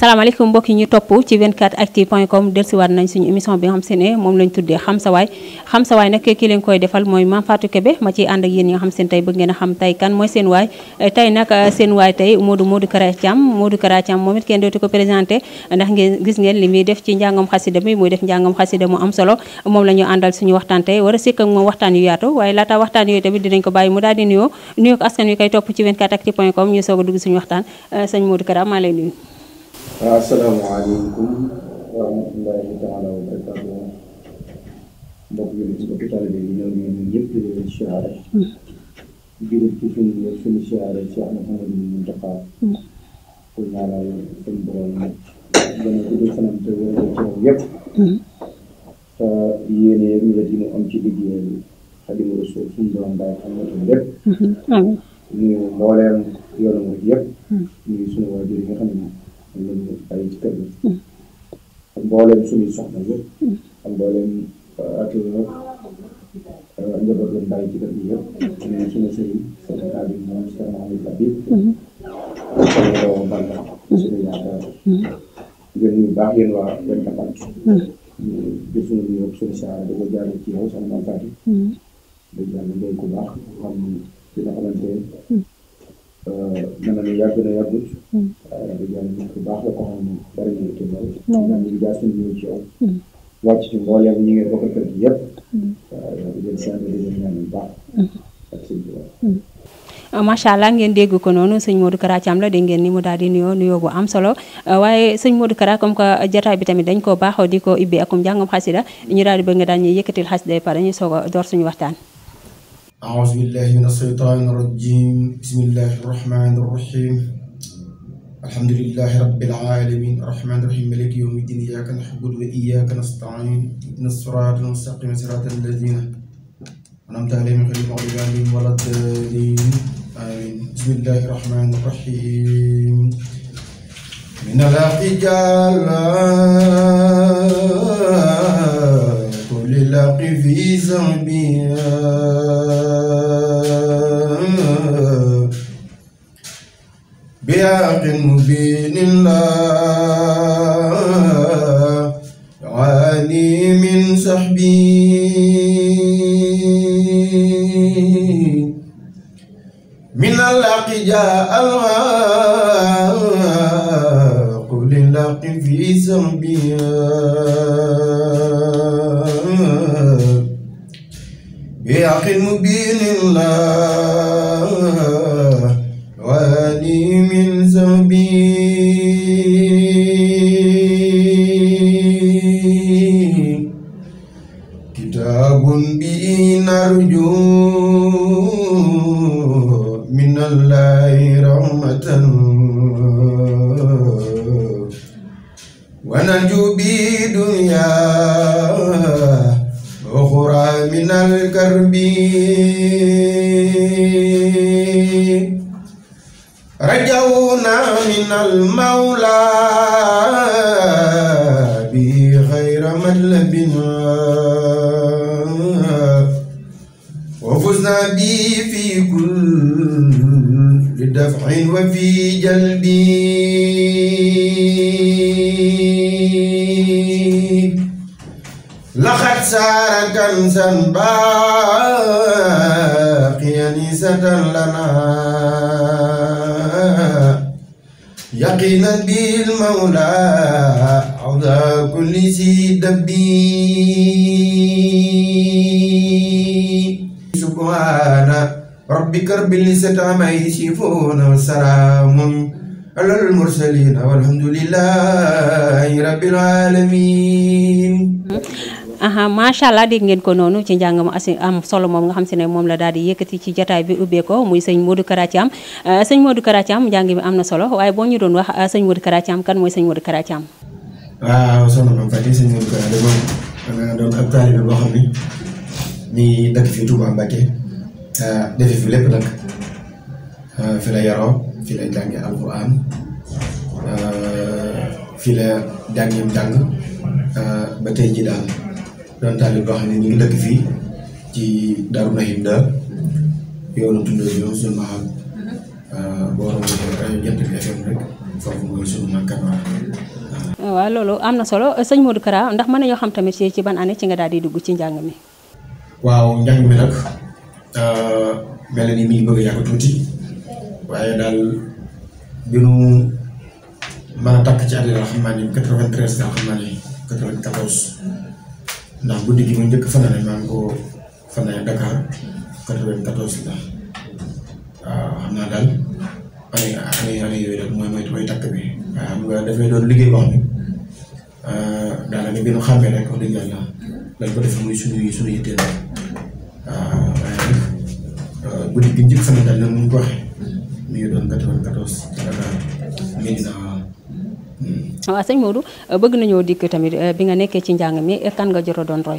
salaamaaleykum mbokk yi ñu topp ci 24actu point com dellusiwaat nañ suñu émission bi nga xam se ne moom lañ tuddee xam sa waay xam sa waay nag ki koy defal mooy Mame Fatou Kébé ma ànd yéen ñi nga xam seen tey bëgg ngeen a xam tey kan mooy seen waay tey euh, waay tey Modou Modou Kara Thiam Modou Kara Thiam moom it kenn dootu ko présenté ndax ngeen gis ngeen li muy def ci njàngam xasida mi muy def njàngam xasida mu am solo moom la ñu àndal suñu waxtaan tey war a sikk ak moom waxtaan yu yaatu waaye laata waxtaan yooyu tamit dinañ ko bàyyi mu daal di nuyoo nuyoo ak askan wi koy topp ci 24actu point com ñu soog a dugg suñu waxtaan euh, sëñ Modou Kara maa lay nuyu waaw asalaamaaleykum wa rahmatulahi taala wa barakaatu mbokk yi ci mbokk taalibe yi ñoo ngi nuyu ñëpp di leen siyaare di leen ci suñu suñu siyaare ci Mouhamadou Mountakha ko ñaanal suñu borom dana am ci liggéeyal Xaadimu Rasuul suñu borom daal xam nga tam lépp ñu mbooleem yoonu yëpp ñu suñu waajur yi xam ne am nañ ko bàyyi ci kër gi ak mbooleem suñuy soxna yëpp ak mbooleem yi ci kër gi yëpp ñun suñu sëriñ secrétaire bi moom Cheikh Mahamadou Habib suñu bànn suñu yaakaar yéen ñu baax yéen waa benn kapat di suñu nuyoo suñu saara ci yow sama maam Fatou mm-hmm. di jàll ngay ku baax xam ci nga mën nañu yàgg na yàggul. waaye nag yàlla nit ku baax la ko xam ne bari na te lool. ñu ngi jaas nañu ñëw ci yow. Mm. wàcc ci mbooleem ñi mm. di mm. ah, allah ngeen dégg ko noonu sëñ Modou Kara Thiam la dégg ngeen ni mu daal di nuyoo nuyoo bu am solo ah, waaye sëñ Modou comme que jotaay bi tamit dañ koo baaxoo di ko ibbi akum jàngam xasida ñu daal di bëgg nga daal ñuy yëkkatil xasida pare ñu soog a door suñu waxtaan. أعوذ بالله من الشيطان الرجيم بسم الله الرحمن الرحيم الحمد لله رب العالمين الرحمن الرحيم مالك يوم الدين إياك نعبد وإياك نستعين اهدنا الصراط المستقيم صراط الذين أنعمت عليهم غير المغضوب عليهم ولا الضالين آمين بسم الله الرحمن الرحيم من الحجالة الحلق في زعبها بحق مبين لا يعاني من سحبي من الحق جاء الحق للحق في زعبها بحق مبين الله واني من ذنبي كتاب به نرجو من الله رحمة ونرجو به دنيا من الكرب رجونا من المولى به خير مطلبنا وفزنا به في كل دفع وفي جلبي لقد سار كنزا باقيا نيسة لنا يقينا بالمولى عضا كل ذي دبي سبحان ربك رب العزة عما يصفون وسلام على المرسلين والحمد لله رب العالمين aha macha allah dégg ngeen ko noonu ci njàng mu asi am solo moom nga xam si ne moom la daal di yëkkati ci jataay bi ubbeeko muy sëñ Modou Kara Thiam eh, sëñ Modou Kara Thiam njàng mi am na solo waaye boo doon wax eh, sëñ Modou Kara Thiam kan mooy sëñ Modou Kara Thiam waaw soxna Mame Faty sëñ Modou Kara moom danga doon ab taalibe boo xam ni ni fi lépp nag eh, fi fi la jànge alquran fi la jàngim jàng doon taalib boo xam ne ci Darou Nahim Dar ah, ah, waaw. loolu am na solo sëñ Modou Kara ndax mën nañoo xam tamit ci ci ban année ci nga daal di dugg ci njàng mi. waaw njàng mi nag ah, mel mi bëgg a yàgg tuuti waaye daal bi nu mën a takk ci àddina xam naa ni 93 daal xam naa ni 94. ndax guddi gi mu njëkk fanaane maa ngi ko fanaane Dakar 94 la waaw xam naa daal année année année yooyu rek mooy mooy takk bi waaye xam nga dafay doon liggéey wax ni daanaka bi ñu xàmmee rek wax dëgg yàlla lañ ko waaw waaye nag euh, guddi gi njëkk fanaane daal nag mu ngi ko waxee mi ngi doon 94 ci Dakar Médina waaw ah, sëñ Modou euh, bëgg nañoo dikk tamit euh, bi nga nekkee ci njàng mi kan nga jot a doon roy.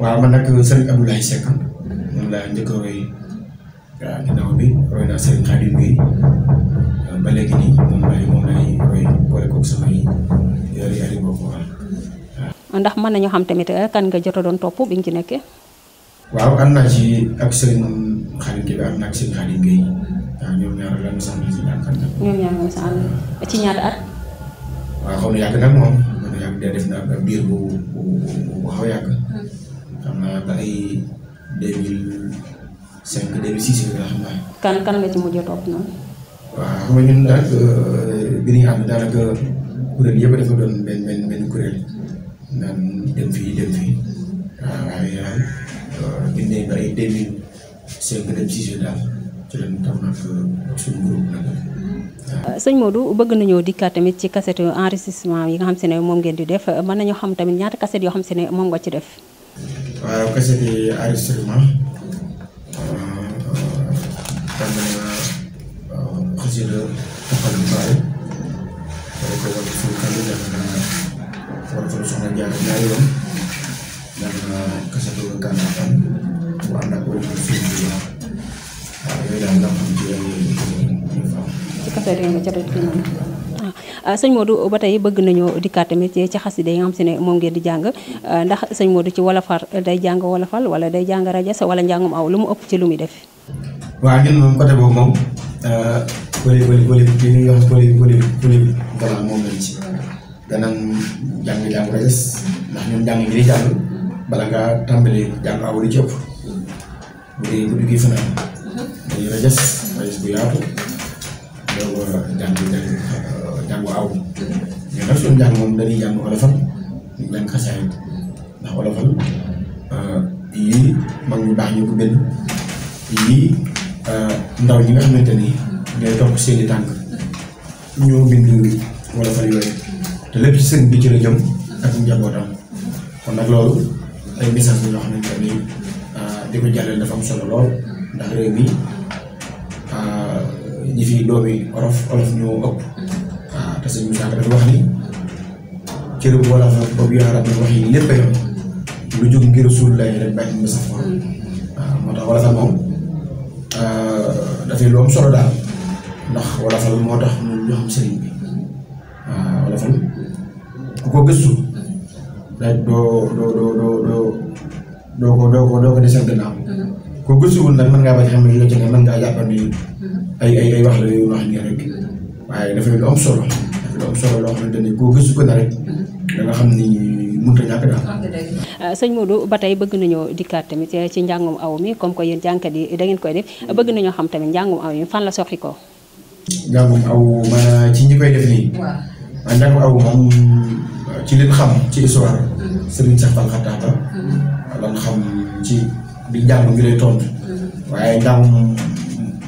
waaw man nag euh, sëriñ Abdoulaye Seck moom laa njëkk a roy waaw ginnaaw bi roy naa sëriñ Khadim Gueye ba léegi nii moom laay moom laay roy boole koog samay yari yari boobu waaw. ndax mën nañu xam tamit kan nga jot a doon topp bi nga ci nekkee. waaw am naa ci ak sëriñ Khadim Gueye am naa ak sëriñ Khadim Gueye waaw ñoom ñaar lan la sax ñu si ñaar kan la. ñoom ñaar ñoom sax ci ñaata at. waaw xaw na yàgg nag moom xaw na yàgg def na biir bu bu xaw a hmm. xam naa ba ay deux mille cinq deux mille six la xam naa. kan kan nga ci mujj a topp noonu. waaw xam nga ñun daanaka euh, bi ñu ànd daanaka kuréel yëpp dafa doon benn benn benn kuréel naan dem fii dem fii waaw waaye daal euh, biñ nekk ba ay deux mille cinq deux mille six daal. ci lañ toog nag euh, sëñ Modou bëgg nañoo dikkaat tamit ci cassette enregistrement yi nga xam si ne moom ngeen di def euh, mën nañoo xam tamit ñaata cassette yoo xam si ne moom nga ci def. waaw cassette yi na euh, xasida taxalu baay wala ko wala suñu kàddu def na bu ànd ak wala Ah, ah, sëñ Modou ba tey bëgg nañu dikkaat tamit ci xas yi nga xam si ne moom ngeen di jàng ah, ndax sëñ Modou ci wolofal day jàng wolofal wala day jàng rajas wala njàngum aw lu mu ëpp ci lu muy def. waaw ñun moom côté boobu moom bëri bëri bëri li ñuy wax bëri bëri bëri gannaaw ci gannaaw jàng jàng rajas ndax ñun jàng ngi di jàng bala ngaa tàmbali jàng aw lu ci bu dee bu duggee fanaan. day rajas rajas bu yaatu doo ko jàng euh, jàngu aw mais nag suñu jàng moom dañuy jàng olofal ndax olofal euh, yii mag ñu baax ñu ko benn yii euh, ndaw ñi nga xamante ni ñooy topp seeni tànk ñoo bind olofal yooyu te lépp ci sëñ bi ci la jëm ak njabootam kon nag loolu ay message bi yoo xamante ni di ko jàllale dafa solo lool ndax réew mi ah, ñi fi doomi olof olof ñoo ëpp. waaw mm-hmm. ah, te sëñ Moussa dafa wax ni cër bu wala fa boobu yoo xam ne wax yi lépp a yor lu ngir suul lay mm-hmm. ah, moo tax wala fa moom ndax wala fa moo tax ñun ñoo xam sëriñ bi waaw wala fa ku ko gëstu mm-hmm. doo doo doo doo doo doo ko doo ko desal gannaaw ko gëstuwul nag mën ngaa bañ a xam ne lu ci ne mën ngaa jàpp ni mm-hmm. ay ay wax la yu wax nii rek mm-hmm. waaye dafay lu am solo dafay lu am solo loo xamante ne koo gëstu ko na rek mm-hmm. da xam ni. Ah, ah, sëñ Modou ba tey bëgg nañoo dikkaat tamit ci njàngum aw mi comme que yéen jànkat da ngeen koy def bëgg xam tamit njàngum aw fan la soxi ko njàngum aw ci ñi koy def nii waaw ah, njàngum aw moom ci liñ xam ci histoire Serigne Cheikh Fall Khataba lan xam ci di njàng ñu lay tontu mm-hmm. waaye njàng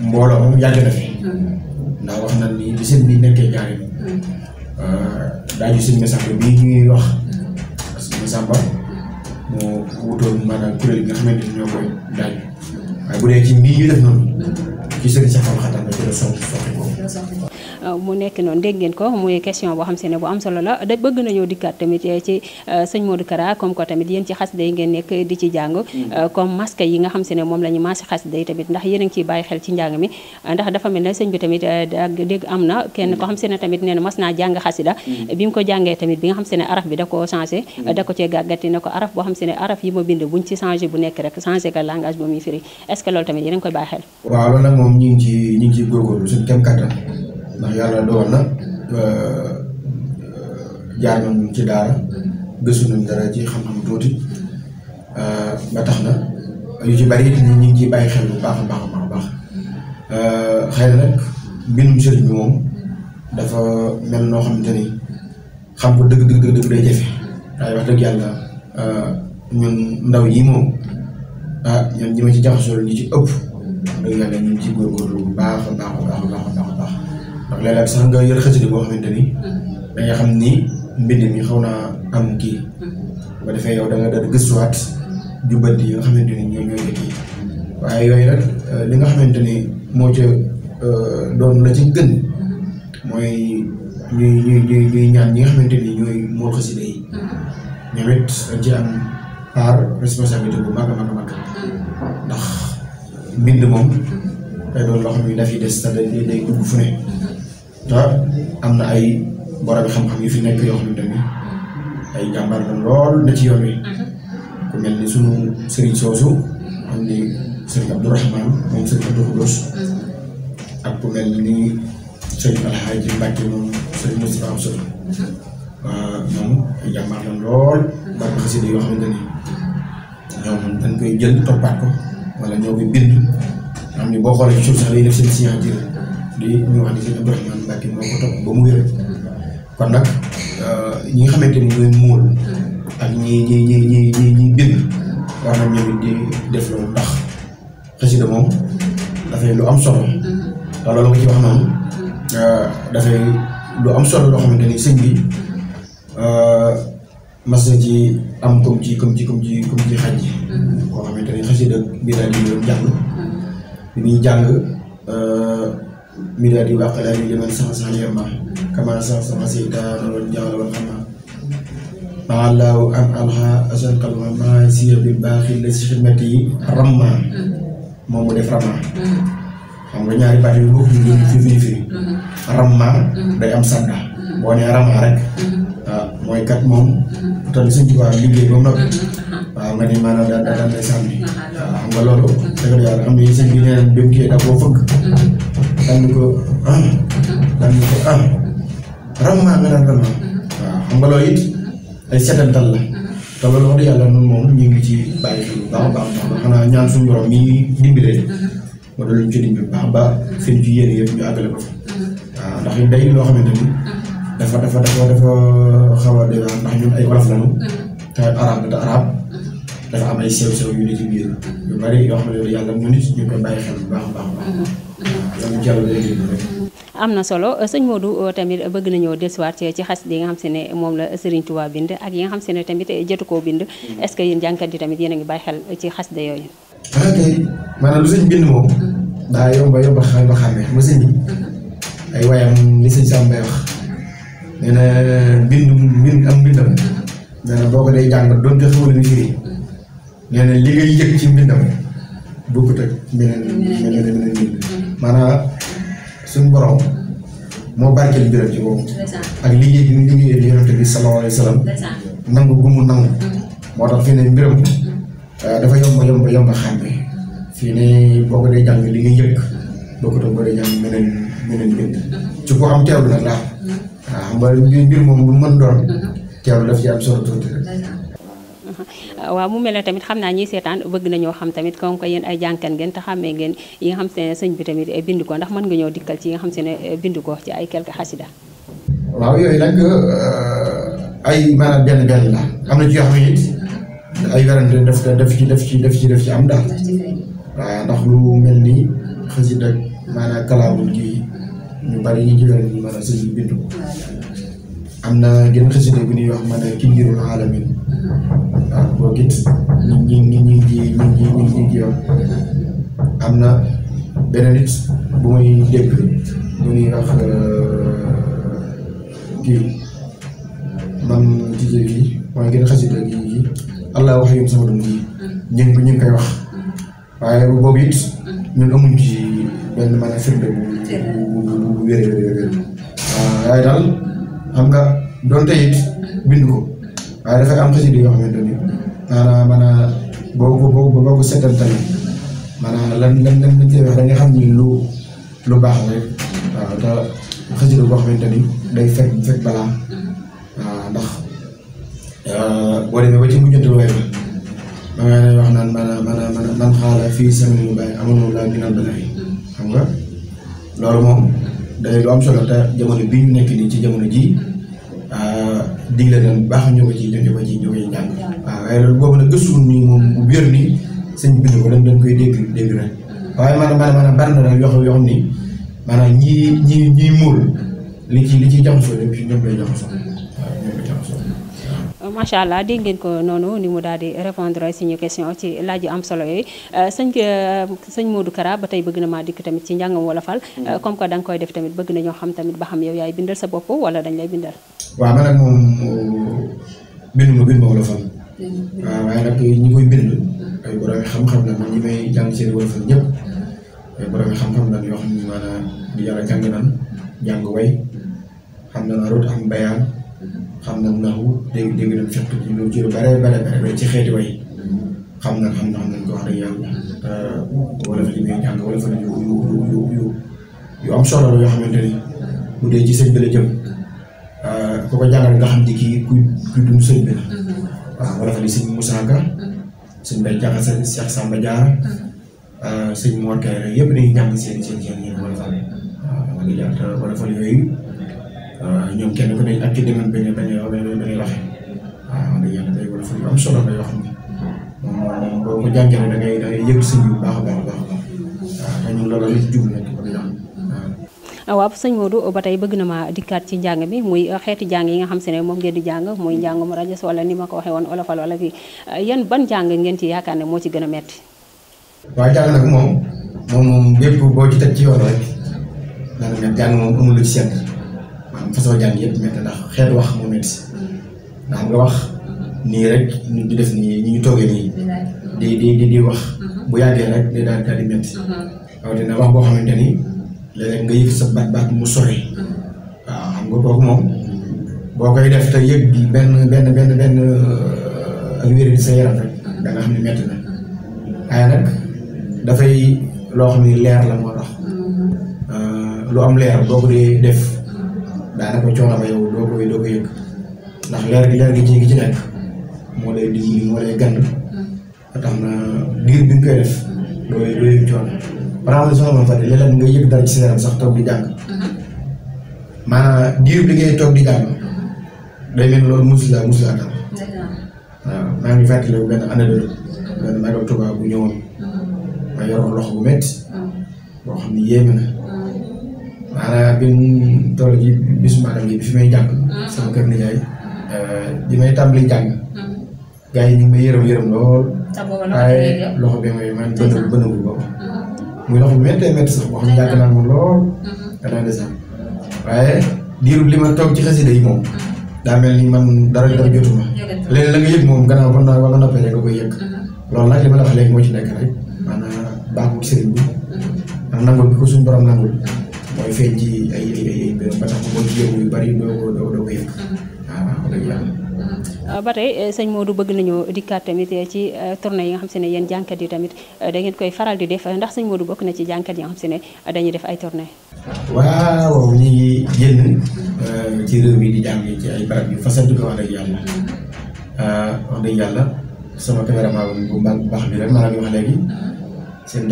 mbooloo moom yàgg na fi mm-hmm. ndax wax na ni bi sëñ bi nekkee jaaree mm-hmm. euh, daañu sëñ Massamba bii ñuy wax parce que wutoon maanaam kuréel bi nga xamante ni koy daaj waaye bu dee ci mbii ñu def noonu ci sëñ Saxal Xatam la ci la soxla soxla ko. Euh, mu nekk noonu dégg ngeen ko muy question boo xam se ne bu am solo la da bëgg nañoo dikkaat tamit eh, ci euh, sëñ Modou di ci mm-hmm. euh, comme a ngi ciy bàyyi xel ci njàng mi ndax dafa mel ko tamit nee mas naa jàng xasida mm-hmm. bi mu ko jàngee tamit bi nga xam se araf bi da koo changé mm-hmm. da ko cee gàggati ne ko araf boo xam se araf yi ma bind buñ ci changé bu nekk rek changé ka langage ba muy firi est-ce que loolu tamit yéen a ngi koy bàyyi xel ndax yàlla doon na euh, jaar nañu ci daara gëstu nañu dara ci xam-xam tuuti euh, ba tax na yu ci bari it ñu ngi ci bàyyi xel bu baax a baax a baax euh, xëy na nag mbindum sëriñ bi moom dafa mel noo xamante ni xam ko dëgg dëgg dëgg dëgg day jafe ñun ndaw yi moom ah ñoom ñi ma ci jaxasoo ñu ci ëpp dëgg yàlla ñu baax a baax a baax a baax. ndax léeg-léeg sax nga yër xasida boo xamante ni mm-hmm. da nga xam ni mbind mi xaw naa am kii mm-hmm. ba defee yow da nga da gëstuwaat mm-hmm. jubbanti yi nga xamante ni ñoo ñoo kii waaye yooyu nag euh, li nga xamante ni moo ca euh, doon la ci gën mooy ñuy ñuy ñuy ñuy ñaan ñi nga xamante ni ñooy moo xasida yi ñoom it dañ ci am part responsabilité bu mag a mag a mag ndax mbind moom day doon loo xam ne daf yi des te day day dugg fu ne te am na ay borom xam-xam yu fi nekk yoo xam ne tamit ay jàmbaar lool na ci yoon wi. Mhm. ku mel ni sunu sëriñ soosu am ni sëriñ Abdourahman moom sëriñ Abdou Khoudoss mhm. ak ku mel ni sëriñ Alhaaji Mbàkke moom sëriñ Moustapha am sëriñ waaw ñoom ay jàmbaar la lool borom xasida yoo xamante ni ñoom dañ koy jël toppaat ko wala ñoo koy bind am ni boo xoolee ci suuf sax day def seen signature di ñu wax ni sëñ Ibrahima Mbacke moo ko topp ba mu wér kon nag euh, ñi nga xamante ni ñooy muul ak ñi ñi ñi ñi ñi ñi bind war ñoom dafay lu am solo te mm-hmm. loolu nga ci wax euh, solo loo xamante ni sëñ bi euh, mas na ci am comme ci comme ci comme ci xaj mm-hmm. koo xamante xasida bi daal di doon jàng mm-hmm. bi ñuy jàng midadi wa aqlaami liman saxsax yemma kama saxsaxa seytaana wal jaxla wal xama maa laaw an alxa asan kalma maa la si xidmati ramma moom mu def ramma xam nga ñaari baat yu bokk ñu fii fii ramma day am sadda boo nee ramma rek waaw ah, mooy kat moom tamit suñ tubaab liggéey ba mu nag waaw nga ni maanaam daal daal day sànni waaw xam nga loolu dëgg yàlla am na sëñ bi neen bi mu kii fëgg daan ni ko ah daan ni ko ah rammaa nga naan rammaa xam nga loolu it ay setantal la te loolu yàlla noonu moom ñu ngi ci bàyyi xel bu baax a baax ndax xanaa ñaan suñu borom mi ñuy dimbalee ma doon luñ ci dimbali bu baax a baax seen ci ñu àggale ko ndax it day loo xamante ni dafa dafa dafa dafa xaw a doy waar ay wolof lañu te arab te am ay sew yu ne ci yoo xam ne yàlla ñu nit a am na solo sëñ Modou euh, tamit bëgg nañoo dellusiwaat ci xas yi nga xam se ne moom la Serigne Touba bind ak yi nga xam se ne tamit jotu koo bind mm. est-ce que jànkat yi tamit yéen a ngi bàyyi xel ci xas de yooyu. ah kay maanaam lu sëñ bind moom daa yomba yomba ba xamee xam nga sëñ bi ay waayam li sëñ Sam Mbaye wax nee na bind mbind am mbindam nee na boo ko dee jàng doon jox wala nga firi nee na li ngay yëg ci mbindam bokkut ak beneen beneen beneen mbind. maanaam suñ borom moo barkeel mbiram ci boobu. ak liggéey bi mu liggéeyee di yonente bi sallallahu alayhi wa sallam nangu gu mu nangu. Mm-hmm. moo tax fii ne mbiram mm-hmm. euh, dafa yomb yomb yomb ne li nga yëkk ko doon boo dee jàng mm-hmm. ci ko am teewlu mbir moom lu mën doon teewlu daf ci am solo tuuti rek waaw mu mel ne tamit xam naa ñiy seetaan bëgg nañoo xam tamit comme que yéen ay jànkan ngeen te xàmmee ngeen yi nga xam se bi tamit eh, bind ko ndax mën nga ñoo dikkal ci yi nga xam ne eh, bind ko ci ay quelques xasida waaw yooyu nag euh, ay maanaam benn benn la am na ci ci def ci def ci def ci am daal lu mel ni ñu bari ñu ci werante ñu a sëñ bi bind ko am na gën xasida bu ñuy wax maanaam ci njirul alamin ah boog it ñu ñu ñu ñu ngi ñu ngi ñu ngi ji am na beneen it bu muy dégg mu ngi wax kii man tijjee wax ñu koy wax waaye boobu it ñun amuñ ci benn maanaam firnde bu bu bu bu wér wér wér waaye daal xam nga donte it bind ko waaye dafay am xasida yoo xamante ni. maanaam maanaam boo ko boo ko boo ko seetal tamit maanaam lan lan lan lañ cee wax da nga xam ni lu lu baax rek waaw te xasida boo xamante ni day fekk fekk balaa waaw ndax euh, boo demee ba ci mujjantu way ba ma ngay wax naan maanaam maanaam man xaaral fii semaine yu bàyyi amoon laa ñu naan balaa yi xam nga loolu moom day lu am solo te jamono bii ñu nekk nii ci jamono ji euh, digle nañ baax ñu ko ciy ñu ko ciy ñu koy jàng. waaye loolu boobu nag gëstu nii moom bu wér nii sëñ bi ko dañ koy dégg ngeen ko noonu ni mu daal di répondre suñu question ci laaj yu am solo yooyu euh, sëñ euh, sëñ Modou Kara tey bëgg na dikk tamit ci njàngam wolofal euh, mm-hmm. comme que koy def tamit bëgg nañoo ñoo xam tamit ba xam yow yaay bindal sa bopp wala dañ lay bindal. waaw man ak moom binduma binduma wolofal waaw waaye nag ñi koy bind. ay borom xam-xam la man ñi may jàng seen wërfal ñëpp. ay borom xam-xam la yoo xam ne maanaam di yàlla xam na narut am xam na naxu dégg dégg nañ fekk na xam na xam nañ ko wax dëgg yàlla wala fa li jàng wala fa yu yoo xamante ni bu dee ci sëñ bi la jëm ah, ku ko nga xam ni kii ku ku dund bi waaw ah, wala fa di sëñ Moussa Ka sëñ Bay Jaxate Cheikh Samba Diarra ah, sëñ Mor Kay yëpp dañuy jàng seen seen seen yéen wala fa waaw ah, wala jàpp wala fa yooyu ñoom kenn ku ne ak ki demoon benn benn benn benn waxe waaw da yàlla day wala fa yu am solo la yoo xam ne moom moom boo ko jàngee da ngay yëg sëñ bu baax a baax a baax waaw te ñun loolu la waaw sëñ Modou ba tey bëgg na ma dikkaat ci njàng bi muy xeeti jàng yi nga xam se ne moom ngeen di jàng muy njàngum rajas wala ni ma ko waxee woon olofal wala fi yan ban jàng ngeen ci yaakaar ne moo ci gën a metti waaw jàng nag moom moom moom bépp boo ci teg amul lu ci sedd façon jàng yëpp métti ndax xeetu wax moo métti ndax nga wax nii rek ñu di def nii ñu ñu nii di di di wax mm-hmm. bu yàggee rek day daal daal di métti mm-hmm. waaw dina wax boo xamante ni léeg-léeg nga yëg sa baat baat mu sori waaw xam nga kooku moom boo koy def te yëg bi benn benn benn benn euh, ak wér sa yaram rek da nga ne métti na leer la moo tax euh, lu am leer boo ko dee doo koy doo ko yëg ndax leer gi leer gi ci ci nekk moo lay dimbali moo lay gànd ba na diir bi nga koy def doo yëg doo yëg coono maanaam li soxla woon fàtte leneen nga yëg dara ci sa yaram sax toog di jàng mhm. maanaam diir bi ngay toog di jàng mhm. day mel loolu musula musula tam waaw maa ngi fàttaliku benn anecdote mhm. benn magam Tuubaa bu ñëwoon ma yoroon loxo bu métti boo xam ne yéeme na maanaam bi may jàng sama di euh, may tàmbali jàng gars yi ñu ngi may muy dox bu méttee sax boo xam ne moom lool. gannaaw mm-hmm. des waaye diirub li ma toog ci xasida yi moom. Mm-hmm. daa mel ni man dara dara jotuma. léegi la nga yëg moom gannaaw ba nga ba nga noppee nga koy yëg. Mm-hmm. loolu nag moo ci nekk rek. maanaam baaxul sëriñ bi. nangul bi ko suñu borom nangul. mooy feeñ ci ay ay ay ba tax ba bon jéego bari doo ko doo ko yëg. Ah, Euh, ba tey euh, sëñ Modou bëgg nañu dikkaat tamit euh, ci tournée yi nga xam se ne yéen jànkat yi tamit dangeen koy faral di def ndax señ Modou bokk na ci jànkat yi nga xam dañuy def ay tournée waaw ñu ci réew mi di jàng ci ay barab yu fasantu ko bu baax bi rek maa ngi wax léegi seen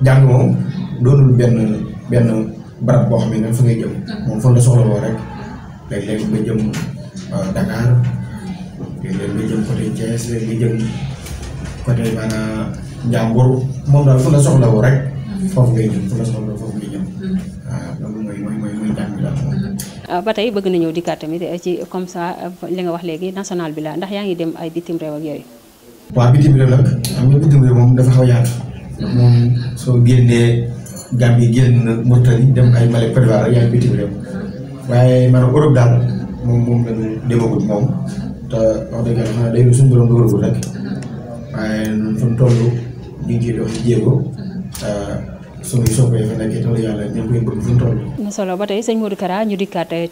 dëkk moom doonul benn benn barab boo xam ne fa ngay jëm. Mm-hmm. moom fa la soxla woo rek léeg-léeg jëm euh, Dakar léeg-léeg nga jëm côté Thiès nga jëm côté maanaam Njàmbur moom daal fa la soxla woo rek. Mm-hmm. fa la ngay jëm. Mm-hmm. waaw ah, ba tey bëgg na ñëw dikkaat tamit eh, ci comme ça euh, li wax léegi national bi laa ndax yaa ngi dem ay bitim réew ak bitim réew nag am nga bitim moom dafa xaw a moom soo génnee. Gambie génn Mauritanie dem ay Mali Côte d'Ivoire yaay bitim réew waaye maanaam Europe daal moom moom la ñu demagul moom te wax dëgg yàlla xanaa day suñu borom dugalagul rek waaye ñun fu mu ba tey sëñ Modou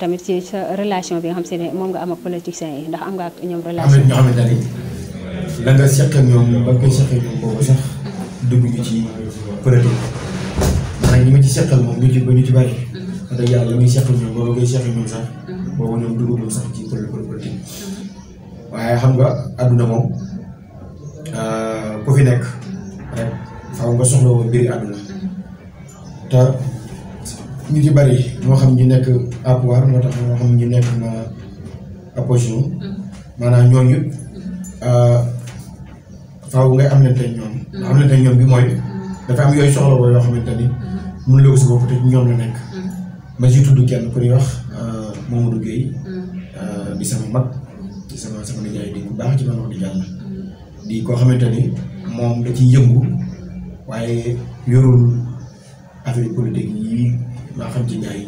tamit sa relation bi nga xam si ne moom nga am ak ñoom. relation am ñoo ne la nga seq ak ñoom nga koy seq ñoom boobu sax dugg ci politique. ñu ngi ci seqal moom ñu ci ba ñu ci bari. Mm-hmm. wax dëgg yàlla li muy seqal ñoom boobu ngay seqal sax. Mm-hmm. boobu ñoom dugagul sax ci pël mm-hmm. waaye xam nga àdduna moom euh, ku fi nekk rek faaw nga soxla woon mbiri àdduna. te ñu ci bari moo xam ñu nekk à pouvoir moo xam ñu nekk na opposition. maanaam ñooñu euh, faaw ngay am leen tey ñoom. am leen tey ñoom bi mooy. dafa am yooyu soxla woo yoo xamante ni. mënuloo ko si bopp te ñoom la nekk. Mm. ma ci tudd kenn ku ñuy wax euh, Mamadou Guèye. Mm. Euh, di sama mag di sama sama nijaay di ci man wax di jàll. Mm. di koo xamante ni moom da ciy yëngu waaye yorul affaire politique yi maa xam ci njaay.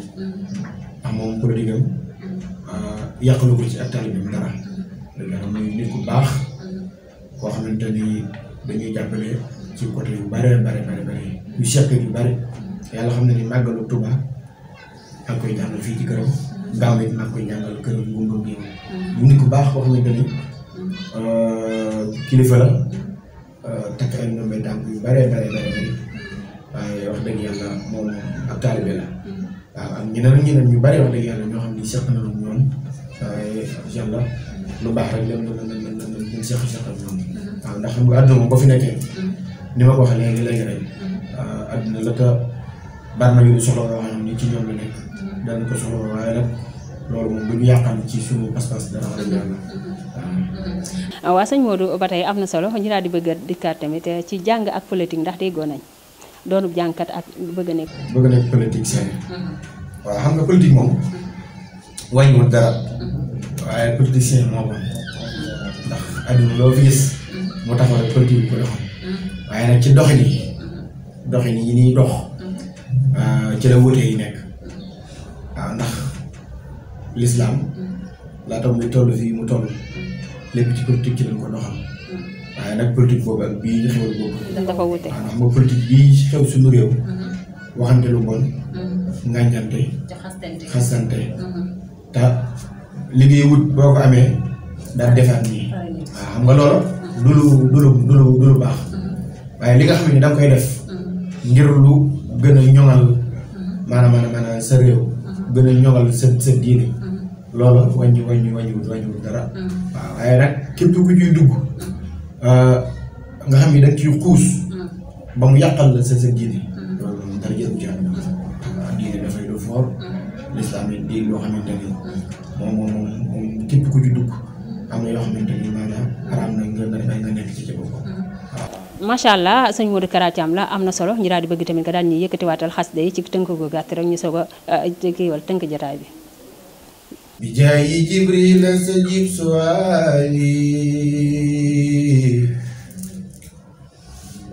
ndax moom politique euh, ko ci ak taalibeem dara. dara muy nit baax koo xamante ni dañuy jàppale ci côté yu bare bare bare bare yu seqet yu bare. yàlla xam ne ni màggalu Tuba maa ngi koy jàngal fii ci këram gaaw it maa ngi koy jàngal këram gumba bu nit ku baax wax nga dani kilifa la takk ay ndombe tànk yu bare bare bare bare waaye wax dëgg yàlla moom ab taalibe la waaw ak ñeneen ak ñeneen ñu bare wax dëgg yàlla ñoo xam ni seq na lu ñoom waaye baax rek lan lan lan lan nga àdduna moom boo fi nekkee mm. ni ma ko waxee léegi léegi mm. la ta bari na yu soxla waaye nag loolu moom bu ñu yàqal ci suñu pas-pas dara wax dëgg yàlla waaw. waaw sëñ Modou ba tey am na solo ñu daal di bëgg a dikkaat tamit eh, ci jàng ak politique ndax déggoo nañ doonub jàngkat ak bëgg a nekk. bëgg a nekk politique seen waaw xam nga politique moom wàññiwul dara waaye politicien moo ko ndax adduna loo fi gis mu taxawal politique bi ko doxal waaye nag ci doxin yi doxin yi ñuy dox. Euh, ci la wute yi nekk waaw ah, ndax lislaam laata muy toll fii mu toll lépp ci politique ci lañ ko doxal waaye nag politique boobu bi bii ñu boobu xam nga politique bii xew suñu réew mm-hmm. waxante lu bon ngàññante mm-hmm. xasante mm-hmm. te li ngay wut boo ko amee daal defaat nii waaw xam nga loolu du du lu du lu du lu baax waaye li nga xam ne danga koy def ngir lu gën a ñoŋal mm-hmm. maanaam maanaam maanaam sa réew mm-hmm. gën a ñoŋal sa sa diine mm-hmm. loolu wàññi wàññi wàññiwut wàññiwut dara waaw waaye nag képp ku ciy dugg ah, nga xam ni da nga ciy xuus ba mu yàqal la sa sa diine loolu moom dara jëru ci am waaw dafay lu foor l'islam yi di loo xamante ni moom moom moom képp ku ci dugg am na yoo xam macha allah sëñ Modou Kara Thiam la am na solo ñu daal bëgg tamit nga daal ñu soog a euh, kiiwal tënk jotaay bi. bi jaayi Jibril sajib suwaali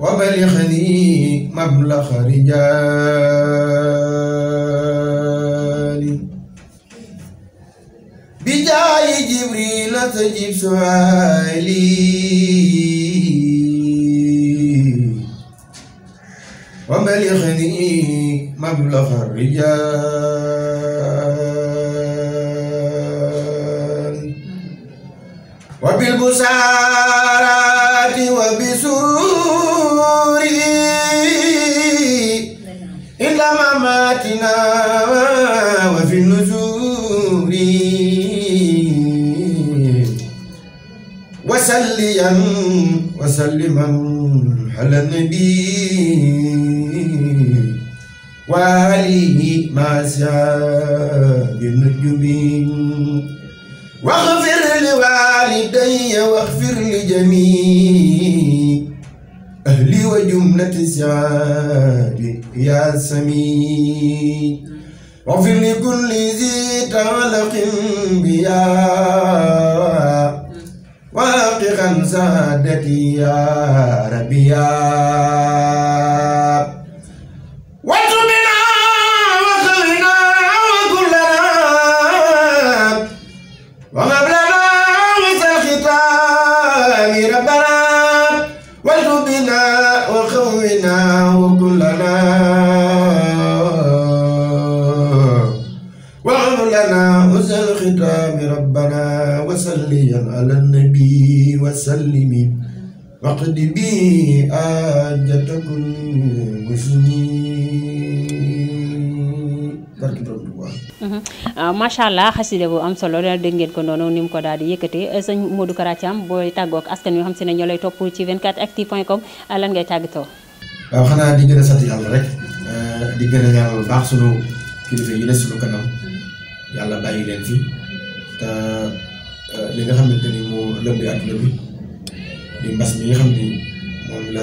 wa balixni mablaxa وبلغني مبلغ الرجال وبالبسارات وبسوري إلى مماتنا وفي النزور وسليا وسلما على النبي وآله ما شاء بالنجوم واغفر لوالدي واغفر لجميع أهلي وجملة شعبي يا سميع واغفر لكل ذي تعلق بيا واقعا سعادتي يا ربي يا صليا على النبي وسلم وقد بي آجتكم مسلمين barki borom Tuubaa macha allah xasida bu am solo la dégg ngeen ko noonu ni mu ko daal di yëkkatee sëñ Modou Kara Thiam booy tàggoo ak askan wi xam si ne ñoo lay topp ci 24actu.com lan ngay tàggatoo. waaw xanaa di gën a sant yàlla rek di gën a ñaanal baax sunu kilifa yi des sunu kanam yàlla bàyyi leen fi Euh, li nga xamante ni moo lëmbee àdduna bi di mbas mi nga xam ni moom la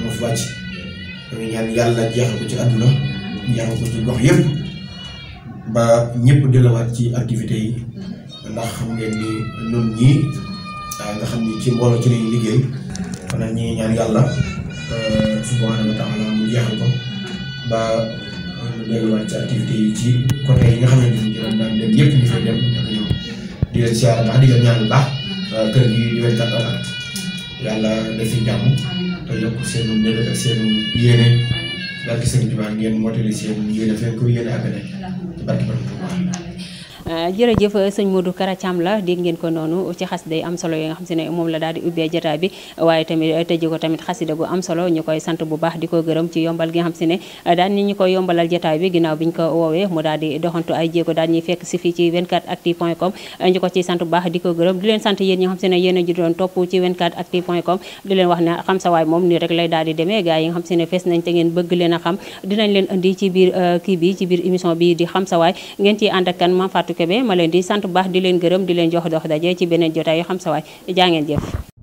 moo fi wàcc dañu ñaan yàlla jeexal ci àdduna jeexal ko ci ci activité yi ndax xam ngeen ni ñun ñii ah, nga xam ni ci mbooloo ci lañuy liggéey kon nag ñu ngi ñaan yàlla euh, subhaanahu wa taala mu jeexal ko ba delluwaat ci activité yi ci côté yi nga xamante ni ñu doon daan dem yëpp ñu fay dem. di leen siyaare baax di leen ñaan bu baax euh, kër gi di leen tàggat te yokk seen mbébét ak seen yéene seen jumaa ngeen mottali seen yéene fekk yéene àggale ci barki borom Tuubaa Euh, jërëjëf euh, sëñ Modou Kara Thiam la dégg ngeen ko noonu ci xasida yi am solo yi nga xam si ne moom la daal di ubbee jotaay bi waaye tamit euh, tëjee ko tamit xasida gu am solo ñu koy sant bu baax di ko gërëm ci leen sant yéen ñi xam si ne yéen a doon topp ci 24actu point com di leen wax ne xam sa waay moom nii rek lay daal di demee gars yi nga xam si ne fees nañ te ngeen bëgg leen a xam dinañ leen indi ci biir kii ci biir émission bi di xam sa waay Fatou Kébé ma leen di sant baax di leen gërëm di leen jox dox daje ci beneen jotaay yoo xam sa waay jaa ngeen jëf